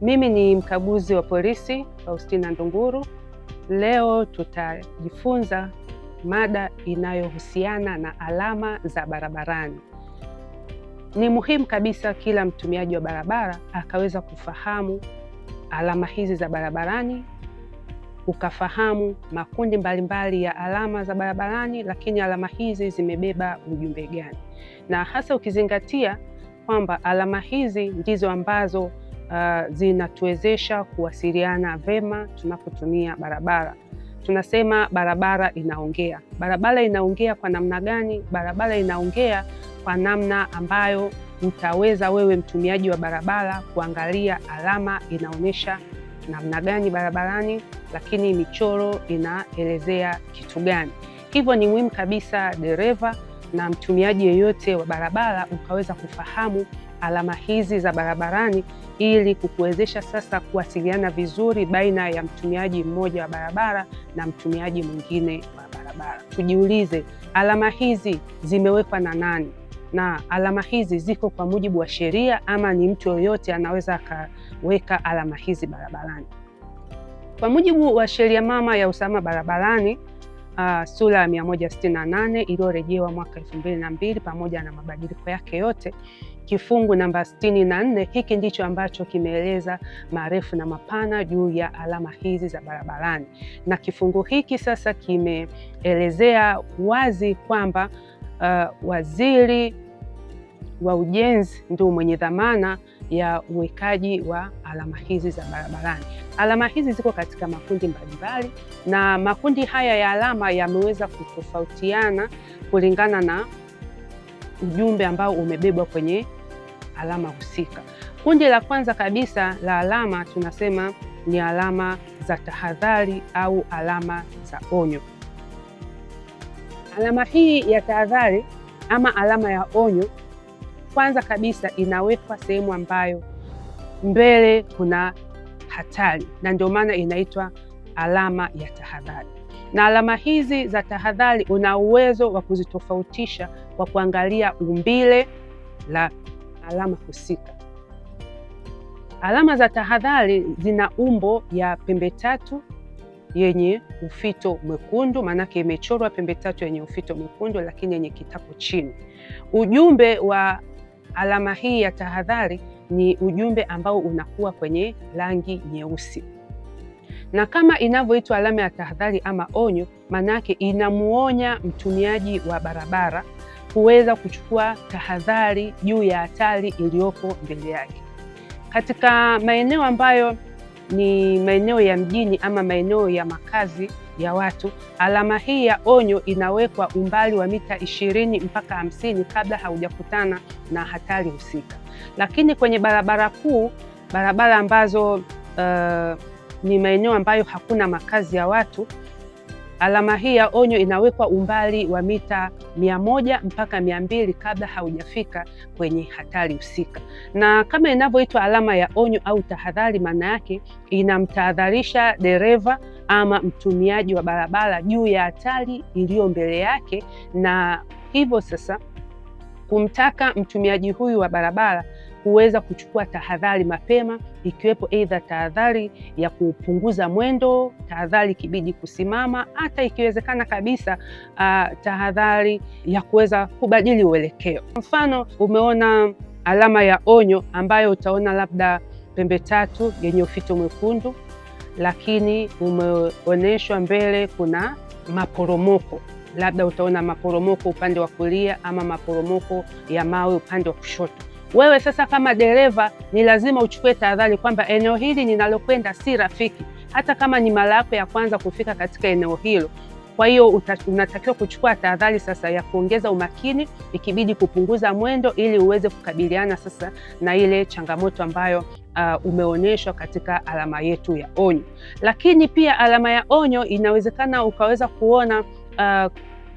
Mimi ni mkaguzi wa polisi Faustina Ndunguru. Leo tutajifunza mada inayohusiana na alama za barabarani. Ni muhimu kabisa kila mtumiaji wa barabara akaweza kufahamu alama hizi za barabarani, ukafahamu makundi mbalimbali ya alama za barabarani, lakini alama hizi zimebeba ujumbe gani, na hasa ukizingatia kwamba alama hizi ndizo ambazo uh, zinatuwezesha kuwasiliana vema tunapotumia barabara. Tunasema barabara inaongea. Barabara inaongea kwa namna gani? Barabara inaongea kwa namna ambayo utaweza wewe mtumiaji wa barabara kuangalia alama inaonyesha namna gani barabarani, lakini michoro inaelezea kitu gani. Hivyo ni muhimu kabisa dereva na mtumiaji yeyote wa barabara ukaweza kufahamu alama hizi za barabarani ili kukuwezesha sasa kuwasiliana vizuri baina ya mtumiaji mmoja wa barabara na mtumiaji mwingine wa barabara. Tujiulize, alama hizi zimewekwa na nani? na alama hizi ziko kwa mujibu wa sheria ama ni mtu yoyote anaweza akaweka alama hizi barabarani? Kwa mujibu wa sheria mama ya usalama barabarani uh, sura ya 168 iliyorejewa mwaka 2002 pamoja na mabadiliko yake yote Kifungu namba 64 na hiki ndicho ambacho kimeeleza marefu na mapana juu ya alama hizi za barabarani, na kifungu hiki sasa kimeelezea wazi kwamba uh, waziri wa ujenzi ndio mwenye dhamana ya uwekaji wa alama hizi za barabarani. Alama hizi ziko katika makundi mbalimbali, na makundi haya ya alama yameweza kutofautiana kulingana na ujumbe ambao umebebwa kwenye alama husika. Kundi la kwanza kabisa la alama tunasema ni alama za tahadhari au alama za onyo. Alama hii ya tahadhari ama alama ya onyo, kwanza kabisa inawekwa sehemu ambayo mbele kuna hatari, na ndio maana inaitwa alama ya tahadhari. Na alama hizi za tahadhari una uwezo wa kuzitofautisha kwa kuangalia umbile la alama husika. Alama za tahadhari zina umbo ya pembe tatu yenye ufito mwekundu, maanake imechorwa pembe tatu yenye ufito mwekundu, lakini yenye kitako chini. Ujumbe wa alama hii ya tahadhari ni ujumbe ambao unakuwa kwenye rangi nyeusi, na kama inavyoitwa alama ya tahadhari ama onyo, maanake inamuonya mtumiaji wa barabara kuweza kuchukua tahadhari juu ya hatari iliyopo mbele yake. Katika maeneo ambayo ni maeneo ya mjini ama maeneo ya makazi ya watu, alama hii ya onyo inawekwa umbali wa mita ishirini mpaka hamsini kabla haujakutana na hatari husika. Lakini kwenye barabara kuu, barabara ambazo uh, ni maeneo ambayo hakuna makazi ya watu Alama hii ya onyo inawekwa umbali wa mita mia moja mpaka mia mbili kabla haujafika kwenye hatari husika, na kama inavyoitwa alama ya onyo au tahadhari, maana yake inamtahadharisha dereva ama mtumiaji wa barabara juu ya hatari iliyo mbele yake, na hivyo sasa kumtaka mtumiaji huyu wa barabara kuweza kuchukua tahadhari mapema, ikiwepo aidha tahadhari ya kupunguza mwendo, tahadhari ikibidi kusimama, hata ikiwezekana kabisa uh, tahadhari ya kuweza kubadili uelekeo. Mfano, umeona alama ya onyo ambayo utaona labda pembe tatu yenye ufito mwekundu, lakini umeonyeshwa mbele kuna maporomoko labda utaona maporomoko upande wa kulia ama maporomoko ya mawe upande wa kushoto. Wewe sasa kama dereva ni lazima uchukue tahadhari kwamba eneo hili ninalokwenda si rafiki, hata kama ni mara yako ya kwanza kufika katika eneo hilo. Kwa hiyo unatakiwa kuchukua tahadhari sasa ya kuongeza umakini, ikibidi kupunguza mwendo ili uweze kukabiliana sasa na ile changamoto ambayo uh, umeonyeshwa katika alama yetu ya onyo. Lakini pia alama ya onyo inawezekana ukaweza kuona uh,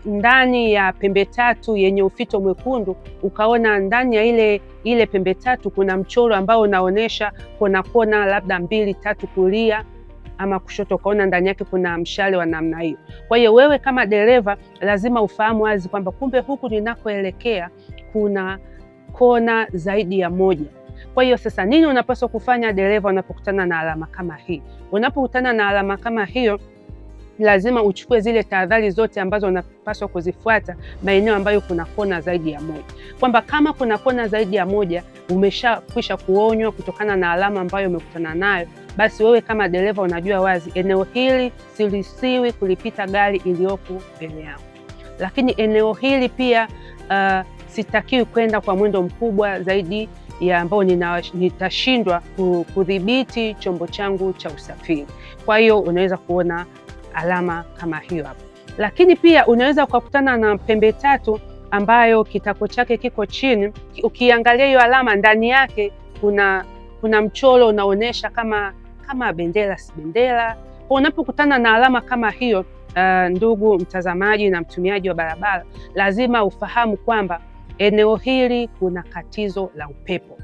ndani ya pembe tatu yenye ufito mwekundu, ukaona ndani ya ile ile pembe tatu kuna mchoro ambao unaonyesha kona kona labda mbili tatu kulia ama kushoto, ukaona ndani yake kuna mshale wa namna hiyo. Kwa hiyo wewe kama dereva lazima ufahamu wazi kwamba kumbe huku ninakoelekea kuna kona zaidi ya moja. Kwa hiyo sasa, nini unapaswa kufanya dereva unapokutana na alama kama hii? Unapokutana na alama kama hiyo lazima uchukue zile tahadhari zote ambazo unapaswa kuzifuata maeneo ambayo kuna kona zaidi ya moja, kwamba kama kuna kona zaidi ya moja umeshakwisha kuonywa kutokana na alama ambayo umekutana nayo, basi wewe kama dereva unajua wazi eneo hili silisiwi kulipita gari iliyopo mbele yako, lakini eneo hili pia uh, sitakiwi kwenda kwa mwendo mkubwa zaidi ya ambao nitashindwa kudhibiti chombo changu cha usafiri. Kwa hiyo unaweza kuona alama kama hiyo hapo. Lakini pia unaweza ukakutana na pembe tatu ambayo kitako chake kiko chini. Ukiangalia hiyo alama, ndani yake kuna kuna mchoro unaonyesha kama kama bendera, si bendera. Kwa unapokutana na alama kama hiyo uh, ndugu mtazamaji na mtumiaji wa barabara, lazima ufahamu kwamba eneo hili kuna katizo la upepo.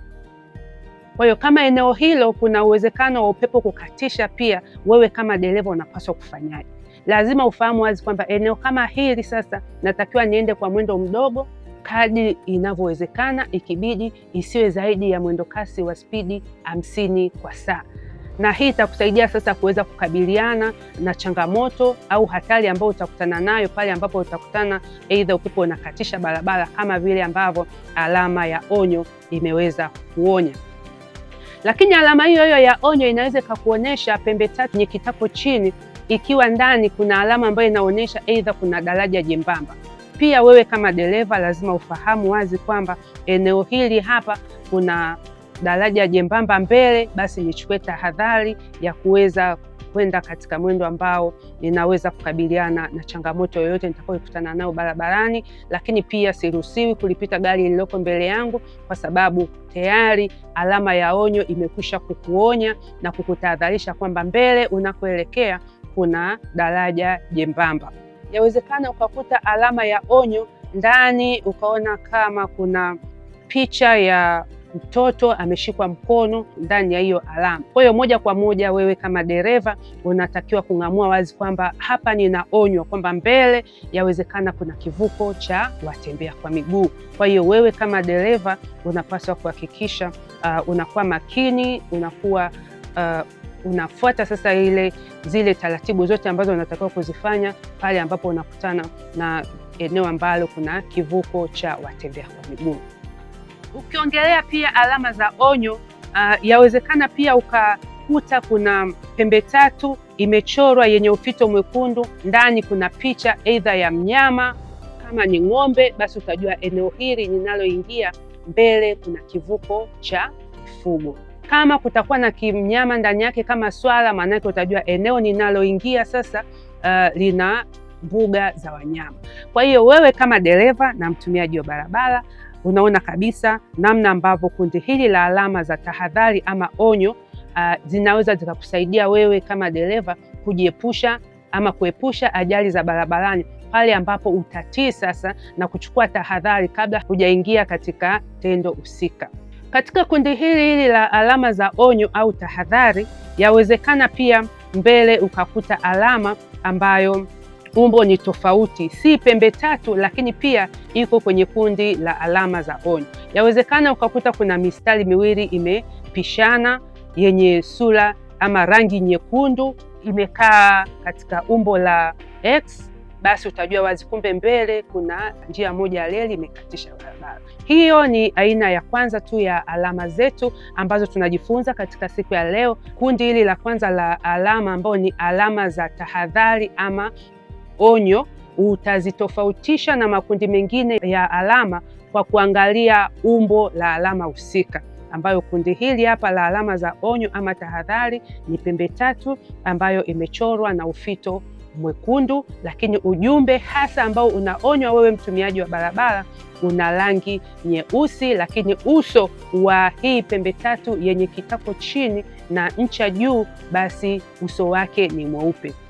Kwa hiyo kama eneo hilo kuna uwezekano wa upepo kukatisha, pia wewe kama dereva unapaswa kufanyaje? Lazima ufahamu wazi kwamba eneo kama hili sasa natakiwa niende kwa mwendo mdogo kadi inavyowezekana, ikibidi isiwe zaidi ya mwendo kasi wa spidi hamsini kwa saa, na hii itakusaidia sasa kuweza kukabiliana na changamoto au hatari ambayo utakutana nayo pale ambapo utakutana aidha upepo unakatisha barabara, kama vile ambavyo alama ya onyo imeweza kuonya. Lakini alama hiyo hiyo ya onyo inaweza ikakuonyesha pembe tatu yenye kitako chini, ikiwa ndani kuna alama ambayo inaonyesha aidha kuna daraja jembamba. Pia wewe kama dereva lazima ufahamu wazi kwamba eneo hili hapa kuna daraja jembamba mbele, basi nichukue tahadhari ya kuweza kwenda katika mwendo ambao ninaweza kukabiliana na changamoto yoyote nitakayokutana nayo barabarani, lakini pia siruhusiwi kulipita gari lililoko mbele yangu kwa sababu tayari alama ya onyo imekwisha kukuonya na kukutahadharisha kwamba mbele unakoelekea kuna daraja jembamba. Yawezekana ukakuta alama ya onyo ndani ukaona kama kuna picha ya mtoto ameshikwa mkono ndani ya hiyo alama. Kwa hiyo moja kwa moja wewe kama dereva unatakiwa kung'amua wazi kwamba hapa ninaonywa kwamba mbele yawezekana kuna kivuko cha watembea kwa miguu. Kwa hiyo wewe kama dereva unapaswa kuhakikisha uh, unakuwa makini, unakuwa uh, unafuata sasa ile zile taratibu zote ambazo unatakiwa kuzifanya pale ambapo unakutana na eneo ambalo kuna kivuko cha watembea kwa miguu. Ukiongelea pia alama za onyo uh, yawezekana pia ukakuta kuna pembe tatu imechorwa yenye ufito mwekundu, ndani kuna picha aidha ya mnyama kama ni ng'ombe, basi utajua eneo hili linaloingia mbele kuna kivuko cha fugo. Kama kutakuwa na kimnyama ndani yake kama swala, maanake utajua eneo ninaloingia sasa uh, lina mbuga za wanyama. Kwa hiyo wewe kama dereva na mtumiaji wa barabara unaona kabisa namna ambavyo kundi hili la alama za tahadhari ama onyo uh, zinaweza zikakusaidia wewe kama dereva kujiepusha ama kuepusha ajali za barabarani pale ambapo utatii sasa na kuchukua tahadhari kabla hujaingia katika tendo husika. Katika kundi hili hili la alama za onyo au tahadhari, yawezekana pia mbele ukakuta alama ambayo umbo ni tofauti, si pembe tatu, lakini pia iko kwenye kundi la alama za onyo. Yawezekana ukakuta kuna mistari miwili imepishana yenye sura ama rangi nyekundu imekaa katika umbo la X, basi utajua wazi kumbe mbele kuna njia moja ya reli imekatisha barabara. Hiyo ni aina ya kwanza tu ya alama zetu ambazo tunajifunza katika siku ya leo. Kundi hili la kwanza la alama ambao ni alama za tahadhari ama onyo utazitofautisha na makundi mengine ya alama kwa kuangalia umbo la alama husika, ambayo kundi hili hapa la alama za onyo ama tahadhari ni pembe tatu ambayo imechorwa na ufito mwekundu, lakini ujumbe hasa ambao unaonywa wewe mtumiaji wa barabara una rangi nyeusi, lakini uso wa hii pembe tatu yenye kitako chini na ncha juu, basi uso wake ni mweupe.